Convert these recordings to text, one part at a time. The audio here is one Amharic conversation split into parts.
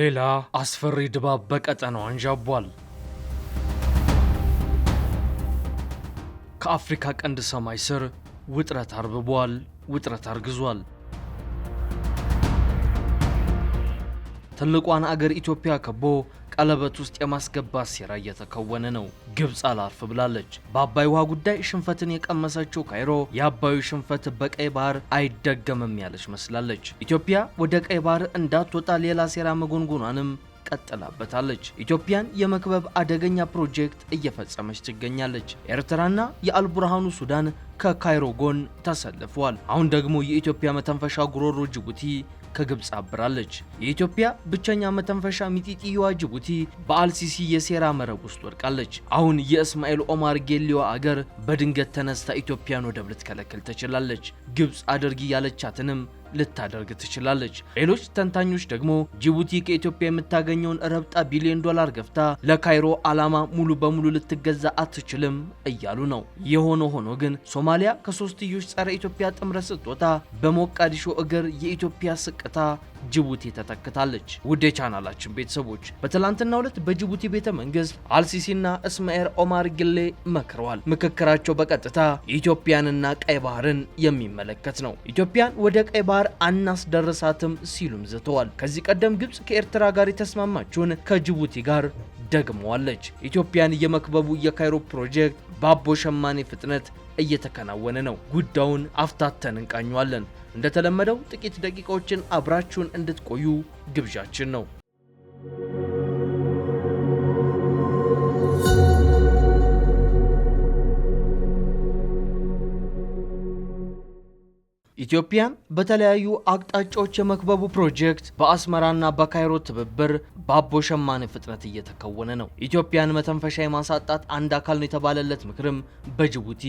ሌላ አስፈሪ ድባብ በቀጠናው አንዣቧል። ከአፍሪካ ቀንድ ሰማይ ስር ውጥረት አርብቧል፣ ውጥረት አርግዟል። ትልቋን አገር ኢትዮጵያ ከቦ ቀለበት ውስጥ የማስገባት ሴራ እየተከወነ ነው። ግብፅ አላርፍ ብላለች። በአባይ ውሃ ጉዳይ ሽንፈትን የቀመሰችው ካይሮ የአባዩ ሽንፈት በቀይ ባህር አይደገምም ያለች መስላለች። ኢትዮጵያ ወደ ቀይ ባህር እንዳትወጣ ሌላ ሴራ መጎንጎኗንም ቀጥላበታለች። ኢትዮጵያን የመክበብ አደገኛ ፕሮጀክት እየፈጸመች ትገኛለች። ኤርትራና የአልቡርሃኑ ሱዳን ከካይሮ ጎን ተሰልፈዋል። አሁን ደግሞ የኢትዮጵያ መተንፈሻ ጉሮሮ ጅቡቲ ከግብፅ አብራለች። የኢትዮጵያ ብቸኛ መተንፈሻ ሚጢጢዋ ጅቡቲ በአልሲሲ የሴራ መረብ ውስጥ ወድቃለች። አሁን የእስማኤል ኦማር ጌሌዋ አገር በድንገት ተነስታ ኢትዮጵያን ወደብ ልትከለክል ትችላለች። ግብፅ አድርጊ ያለቻትንም ልታደርግ ትችላለች። ሌሎች ተንታኞች ደግሞ ጅቡቲ ከኢትዮጵያ የምታገኘውን ረብጣ ቢሊዮን ዶላር ገፍታ ለካይሮ ዓላማ ሙሉ በሙሉ ልትገዛ አትችልም እያሉ ነው። የሆነ ሆኖ ግን ሶማሊያ ከሶስትዮሽ ጸረ ኢትዮጵያ ጥምረት ስትወጣ በሞቃዲሾ እግር የኢትዮጵያ ስቅታ ጅቡቲ ተተክታለች። ውድ የቻናላችን ቤተሰቦች በትላንትናው ዕለት በጅቡቲ ቤተ መንግስት አልሲሲና እስማኤል ኦማር ጊሌ መክረዋል። ምክክራቸው በቀጥታ ኢትዮጵያንና ቀይ ባህርን የሚመለከት ነው። ኢትዮጵያን ወደ ቀይ ባህር አናስደርሳትም ሲሉም ዝተዋል። ከዚህ ቀደም ግብጽ ከኤርትራ ጋር የተስማማችውን ከጅቡቲ ጋር ደግመዋለች። ኢትዮጵያን የመክበቡ የካይሮ ፕሮጀክት በአቦ ሸማኔ ፍጥነት እየተከናወነ ነው። ጉዳዩን አፍታተን እንቃኘዋለን። እንደተለመደው ጥቂት ደቂቃዎችን አብራችሁን እንድትቆዩ ግብዣችን ነው። ኢትዮጵያን በተለያዩ አቅጣጫዎች የመክበቡ ፕሮጀክት በአስመራና በካይሮ ትብብር በአቦ ሸማኔ ፍጥነት እየተከወነ ነው። ኢትዮጵያን መተንፈሻ የማሳጣት አንድ አካል ነው የተባለለት ምክርም በጅቡቲ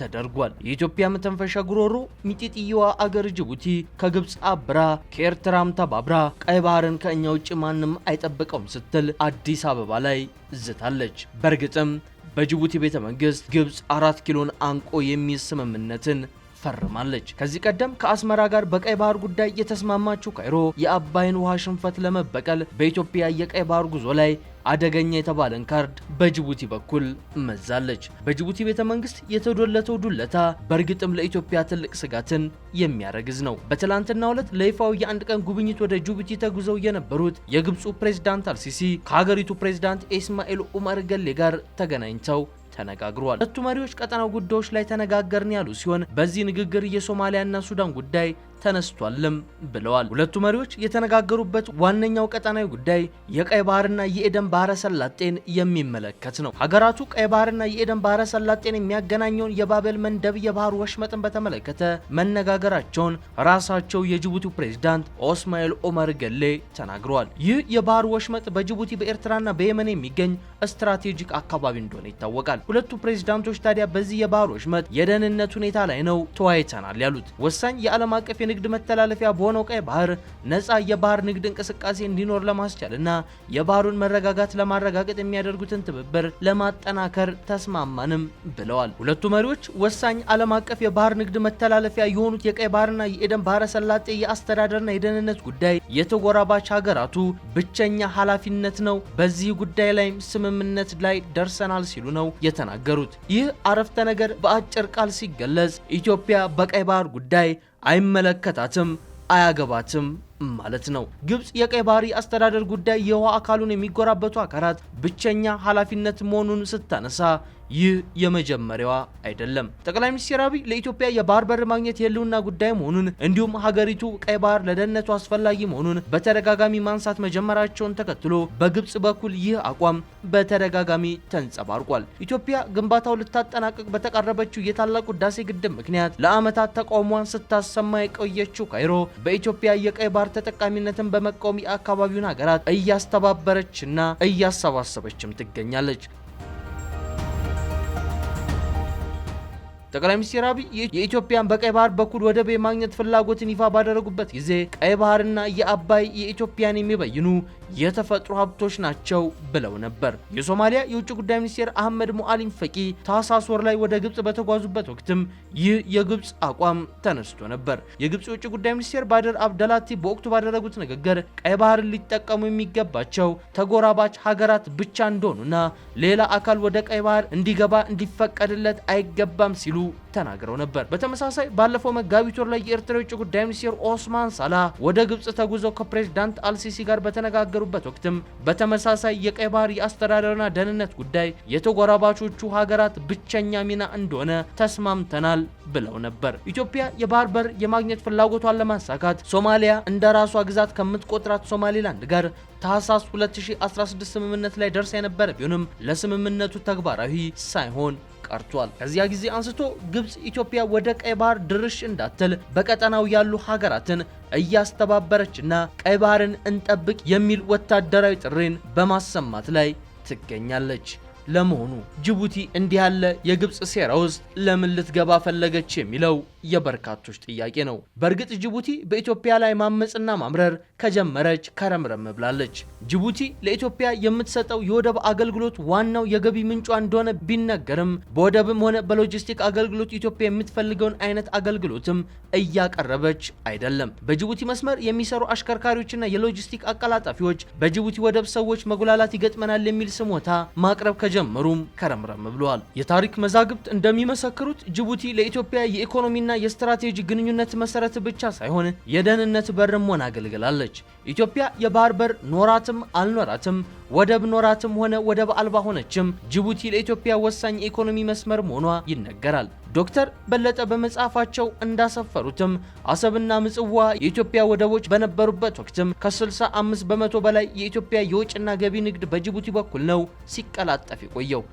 ተደርጓል። የኢትዮጵያ መተንፈሻ ጉሮሮ ሚጢጥየዋ አገር ጅቡቲ ከግብፅ አብራ ከኤርትራም ተባብራ ቀይ ባህርን ከእኛ ውጭ ማንም አይጠብቀውም ስትል አዲስ አበባ ላይ ዝታለች። በእርግጥም በጅቡቲ ቤተ መንግስት ግብፅ አራት ኪሎን አንቆ የሚስምምነትን ስምምነትን ፈርማለች። ከዚህ ቀደም ከአስመራ ጋር በቀይ ባህር ጉዳይ የተስማማችው ካይሮ የአባይን ውሃ ሽንፈት ለመበቀል በኢትዮጵያ የቀይ ባህር ጉዞ ላይ አደገኛ የተባለን ካርድ በጅቡቲ በኩል መዛለች። በጅቡቲ ቤተ መንግስት የተዶለተው ዱለታ በእርግጥም ለኢትዮጵያ ትልቅ ስጋትን የሚያረግዝ ነው። በትላንትናው ዕለት ለይፋው የአንድ ቀን ጉብኝት ወደ ጅቡቲ ተጉዘው የነበሩት የግብፁ ፕሬዝዳንት አልሲሲ ከሀገሪቱ ፕሬዝዳንት ኢስማኤል ኡመር ገሌ ጋር ተገናኝተው ተነጋግሯል። ሁለቱ መሪዎች ቀጠናው ጉዳዮች ላይ ተነጋገርን ያሉ ሲሆን በዚህ ንግግር የሶማሊያና ሱዳን ጉዳይ ተነስቷልም ብለዋል። ሁለቱ መሪዎች የተነጋገሩበት ዋነኛው ቀጠናዊ ጉዳይ የቀይ ባህርና የኤደን ባህረ ሰላጤን የሚመለከት ነው። ሀገራቱ ቀይ ባህርና የኤደን ባህረ ሰላጤን የሚያገናኘውን የባቤል መንደብ የባህር ወሽመጥን በተመለከተ መነጋገራቸውን ራሳቸው የጅቡቲው ፕሬዝዳንት ኦስማኤል ኦመር ገሌ ተናግረዋል። ይህ የባህር ወሽመጥ በጅቡቲ በኤርትራና በየመን የሚገኝ ስትራቴጂክ አካባቢ እንደሆነ ይታወቃል። ሁለቱ ፕሬዝዳንቶች ታዲያ በዚህ የባህር ወሽመጥ የደህንነት ሁኔታ ላይ ነው ተወያይተናል ያሉት ወሳኝ የዓለም አቀፍ የንግድ መተላለፊያ በሆነው ቀይ ባህር ነፃ የባህር ንግድ እንቅስቃሴ እንዲኖር ለማስቻልና የባህሩን መረጋጋት ለማረጋገጥ የሚያደርጉትን ትብብር ለማጠናከር ተስማማንም ብለዋል። ሁለቱ መሪዎች ወሳኝ ዓለም አቀፍ የባህር ንግድ መተላለፊያ የሆኑት የቀይ ባህርና የኤደን ባህረ ሰላጤ የአስተዳደርና የደህንነት ጉዳይ የተጎራባች ሀገራቱ ብቸኛ ኃላፊነት ነው፣ በዚህ ጉዳይ ላይም ስምምነት ላይ ደርሰናል ሲሉ ነው የተናገሩት። ይህ አረፍተ ነገር በአጭር ቃል ሲገለጽ ኢትዮጵያ በቀይ ባህር ጉዳይ አይመለከታትም አያገባትም ማለት ነው። ግብጽ የቀይ ባህሪ አስተዳደር ጉዳይ የውሃ አካሉን የሚጎራበቱ አካላት ብቸኛ ኃላፊነት መሆኑን ስታነሳ ይህ የመጀመሪያዋ አይደለም። ጠቅላይ ሚኒስትር አብይ ለኢትዮጵያ የባህር በር ማግኘት የህልውና ጉዳይ መሆኑን እንዲሁም ሀገሪቱ ቀይ ባህር ለደህንነቱ አስፈላጊ መሆኑን በተደጋጋሚ ማንሳት መጀመራቸውን ተከትሎ በግብጽ በኩል ይህ አቋም በተደጋጋሚ ተንጸባርቋል። ኢትዮጵያ ግንባታው ልታጠናቀቅ በተቃረበችው የታላቁ ህዳሴ ግድብ ምክንያት ለዓመታት ተቃውሟን ስታሰማ የቆየችው ካይሮ በኢትዮጵያ የቀይ ባህር ተጠቃሚነትን በመቃወም የአካባቢውን ሀገራት እያስተባበረችና እያሰባሰበችም ትገኛለች። ጠቅላይ ሚኒስትር አብይ የኢትዮጵያን በቀይ ባህር በኩል ወደብ የማግኘት ፍላጎትን ይፋ ባደረጉበት ጊዜ ቀይ ባህርና የአባይ የኢትዮጵያን የሚበይኑ የተፈጥሮ ሀብቶች ናቸው ብለው ነበር። የሶማሊያ የውጭ ጉዳይ ሚኒስቴር አህመድ ሙአሊም ፈቂ ታህሳስ ወር ላይ ወደ ግብጽ በተጓዙበት ወቅትም ይህ የግብጽ አቋም ተነስቶ ነበር። የግብጽ የውጭ ጉዳይ ሚኒስቴር ባደር አብደላቲ በወቅቱ ባደረጉት ንግግር ቀይ ባህርን ሊጠቀሙ የሚገባቸው ተጎራባች ሀገራት ብቻ እንደሆኑና ሌላ አካል ወደ ቀይ ባህር እንዲገባ እንዲፈቀድለት አይገባም ሲሉ ተናግረው ነበር። በተመሳሳይ ባለፈው መጋቢት ወር ላይ የኤርትራ የውጭ ጉዳይ ሚኒስትር ኦስማን ሳላ ወደ ግብጽ ተጉዘው ከፕሬዝዳንት አልሲሲ ጋር በተነጋገሩበት ወቅትም በተመሳሳይ የቀይ ባህር የአስተዳደርና ደህንነት ጉዳይ የተጎራባቾቹ ሀገራት ብቸኛ ሚና እንደሆነ ተስማምተናል ብለው ነበር። ኢትዮጵያ የባህር በር የማግኘት ፍላጎቷን ለማሳካት ሶማሊያ እንደ ራሷ ግዛት ከምትቆጥራት ሶማሌላንድ ጋር ታህሳስ 2016 ስምምነት ላይ ደርሳ የነበረ ቢሆንም ለስምምነቱ ተግባራዊ ሳይሆን ቀርቷል። ከዚያ ጊዜ አንስቶ ግብጽ ኢትዮጵያ ወደ ቀይ ባህር ድርሽ እንዳትል በቀጠናው ያሉ ሀገራትን እያስተባበረችና ቀይ ባህርን እንጠብቅ የሚል ወታደራዊ ጥሪን በማሰማት ላይ ትገኛለች። ለመሆኑ ጅቡቲ እንዲህ ያለ የግብጽ ሴራ ውስጥ ለምን ልትገባ ፈለገች የሚለው የበርካቶች ጥያቄ ነው። በእርግጥ ጅቡቲ በኢትዮጵያ ላይ ማመፅና ማምረር ከጀመረች ከረምረም ብላለች። ጅቡቲ ለኢትዮጵያ የምትሰጠው የወደብ አገልግሎት ዋናው የገቢ ምንጯ እንደሆነ ቢነገርም በወደብም ሆነ በሎጂስቲክ አገልግሎት ኢትዮጵያ የምትፈልገውን አይነት አገልግሎትም እያቀረበች አይደለም። በጅቡቲ መስመር የሚሰሩ አሽከርካሪዎችና የሎጂስቲክ አቀላጣፊዎች በጅቡቲ ወደብ ሰዎች መጉላላት ይገጥመናል የሚል ስሞታ ማቅረብ ከጀመሩም ከረምረም ብለዋል። የታሪክ መዛግብት እንደሚመሰክሩት ጅቡቲ ለኢትዮጵያ የኢኮኖሚና የስትራቴጂ ግንኙነት መሰረት ብቻ ሳይሆን የደህንነት በር መሆን አገልግላለች። ኢትዮጵያ የባህር በር ኖራትም አልኖራትም ወደብ ኖራትም ሆነ ወደብ አልባ ሆነችም ጅቡቲ ለኢትዮጵያ ወሳኝ የኢኮኖሚ መስመር መሆኗ ይነገራል። ዶክተር በለጠ በመጽሐፋቸው እንዳሰፈሩትም አሰብና ምጽዋ የኢትዮጵያ ወደቦች በነበሩበት ወቅትም ከ65 በመቶ በላይ የኢትዮጵያ የውጭና ገቢ ንግድ በጅቡቲ በኩል ነው ሲቀላጠፍ የቆየው።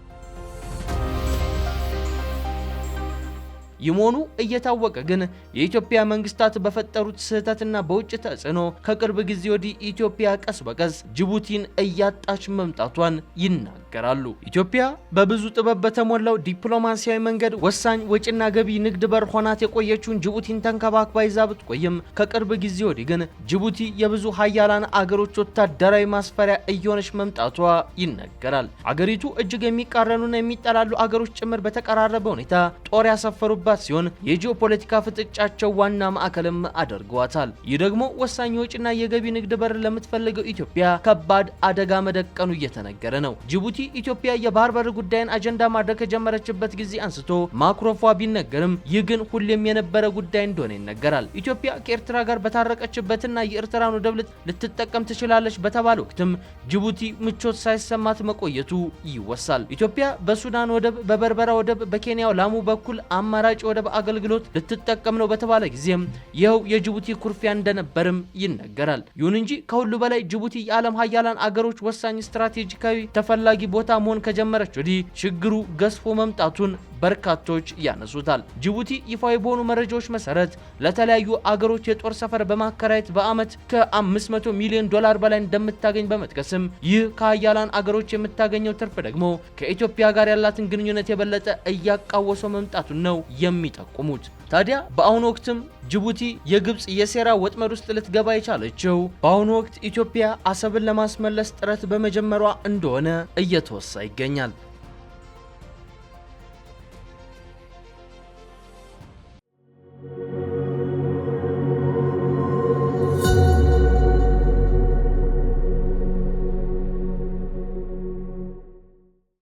ይህ መሆኑ እየታወቀ ግን የኢትዮጵያ መንግስታት በፈጠሩት ስህተትና በውጭ ተጽዕኖ ከቅርብ ጊዜ ወዲህ ኢትዮጵያ ቀስ በቀስ ጅቡቲን እያጣች መምጣቷን ይናገራል። ይናገራሉ። ኢትዮጵያ በብዙ ጥበብ በተሞላው ዲፕሎማሲያዊ መንገድ ወሳኝ ወጪና ገቢ ንግድ በር ሆናት የቆየችውን ጅቡቲን ተንከባክባ ይዛ ብትቆይም ከቅርብ ጊዜ ወዲህ ግን ጅቡቲ የብዙ ሀያላን አገሮች ወታደራዊ ማስፈሪያ እየሆነች መምጣቷ ይነገራል። አገሪቱ እጅግ የሚቃረኑና የሚጠላሉ አገሮች ጭምር በተቀራረበ ሁኔታ ጦር ያሰፈሩባት ሲሆን የጂኦፖለቲካ ፍጥጫቸው ዋና ማዕከልም አድርገዋታል። ይህ ደግሞ ወሳኝ ወጪና የገቢ ንግድ በር ለምትፈልገው ኢትዮጵያ ከባድ አደጋ መደቀኑ እየተነገረ ነው። ጅቡቲ ኢትዮጵያ የባህር በር ጉዳይን አጀንዳ ማድረግ ከጀመረችበት ጊዜ አንስቶ ማክሮፏ ቢነገርም ይህ ግን ሁሌም የነበረ ጉዳይ እንደሆነ ይነገራል። ኢትዮጵያ ከኤርትራ ጋር በታረቀችበትና የኤርትራን ወደብ ልትጠቀም ትችላለች በተባለ ወቅትም ጅቡቲ ምቾት ሳይሰማት መቆየቱ ይወሳል። ኢትዮጵያ በሱዳን ወደብ፣ በበርበራ ወደብ፣ በኬንያው ላሙ በኩል አማራጭ ወደብ አገልግሎት ልትጠቀም ነው በተባለ ጊዜም ይኸው የጅቡቲ ኩርፊያ እንደነበርም ይነገራል። ይሁን እንጂ ከሁሉ በላይ ጅቡቲ የዓለም ሀያላን አገሮች ወሳኝ ስትራቴጂካዊ ተፈላጊ ቦታ መሆን ከጀመረች ወዲህ ችግሩ ገዝፎ መምጣቱን በርካቶች ያነሱታል። ጅቡቲ ይፋ በሆኑ መረጃዎች መሰረት ለተለያዩ አገሮች የጦር ሰፈር በማከራየት በዓመት ከ500 ሚሊዮን ዶላር በላይ እንደምታገኝ በመጥቀስም ይህ ከአያላን አገሮች የምታገኘው ትርፍ ደግሞ ከኢትዮጵያ ጋር ያላትን ግንኙነት የበለጠ እያቃወሰው መምጣቱን ነው የሚጠቁሙት። ታዲያ በአሁኑ ወቅትም ጅቡቲ የግብፅ የሴራ ወጥመድ ውስጥ ልትገባ የቻለችው በአሁኑ ወቅት ኢትዮጵያ አሰብን ለማስመለስ ጥረት በመጀመሯ እንደሆነ እየተወሳ ይገኛል።